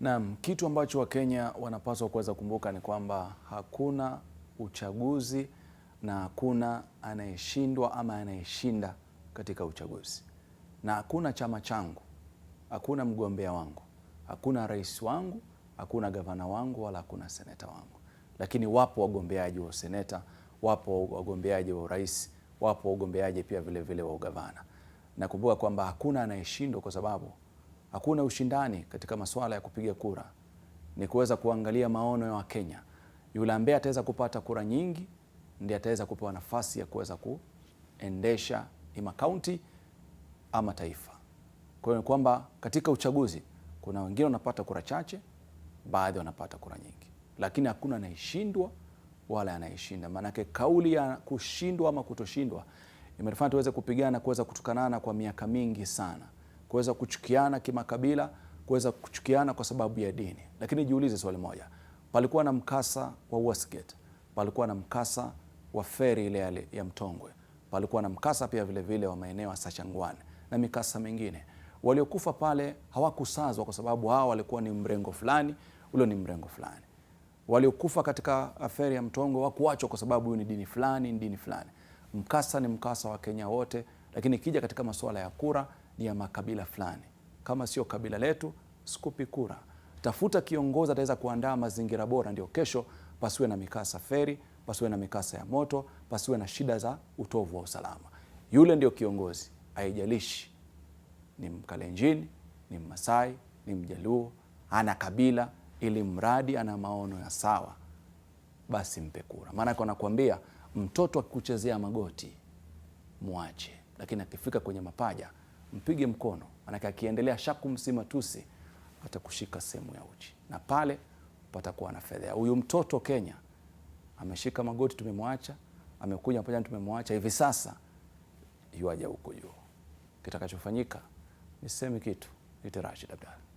Naam, kitu ambacho Wakenya wanapaswa kuweza kumbuka ni kwamba hakuna uchaguzi na hakuna anayeshindwa ama anayeshinda katika uchaguzi, na hakuna chama changu, hakuna mgombea wangu, hakuna rais wangu, hakuna gavana wangu, wala hakuna seneta wangu. Lakini wapo wagombeaji wa useneta, wapo wagombeaji wa urais, wapo wagombeaji pia vilevile vile wa ugavana. Nakumbuka kwamba hakuna anayeshindwa kwa sababu hakuna ushindani katika masuala ya kupiga kura, ni kuweza kuangalia maono ya Wakenya. Yule ambaye ataweza kupata kura nyingi ndiye ataweza kupewa nafasi ya kuweza kuendesha ima kaunti ama taifa. Kwa hiyo ni kwamba katika uchaguzi kuna wengine wanapata kura chache, baadhi wanapata kura nyingi, lakini hakuna anayeshindwa wala anayeshinda. Maanake kauli ya kushindwa ama kutoshindwa imetufanya tuweze kupigana, kuweza kutukanana kwa miaka mingi sana kuweza kuchukiana kimakabila, kuweza kuchukiana kwa sababu ya dini. Lakini jiulize swali moja, palikuwa na mkasa wa Westgate, palikuwa na mkasa wa feri ile ya Mtongwe, palikuwa na mkasa pia vile vile wa maeneo ya Sachangwane na mikasa mingine. Waliokufa pale hawakusazwa kwa sababu hao walikuwa ni mrengo fulani, ule ni mrengo fulani. Waliokufa katika feri ya Mtongwe hawakuachwa kwa sababu huyu ni dini fulani, ni dini fulani. Mkasa ni mkasa wa Kenya wote, lakini ikija katika masuala ya kura ni ya makabila fulani, kama sio kabila letu sikupi kura. Tafuta kiongozi ataweza kuandaa mazingira bora, ndio kesho pasiwe na mikasa feri, pasiwe na mikasa ya moto, pasiwe na shida za utovu wa usalama. Yule ndio kiongozi, haijalishi ni Mkalenjini, ni Mmasai, ni Mjaluo, ana kabila, ili mradi ana maono ya sawa, basi mpe kura. Maanake wanakuambia mtoto akikuchezea magoti mwache, lakini akifika kwenye mapaja mpige mkono, manake akiendelea shakumsi matusi atakushika sehemu ya uchi na pale patakuwa na fedheha. Huyu mtoto Kenya ameshika magoti, tumemwacha, amekuja pamoja, tumemwacha. Hivi sasa yuaja huko juu, kitakachofanyika niseme kitu, nite Rashid Abdalla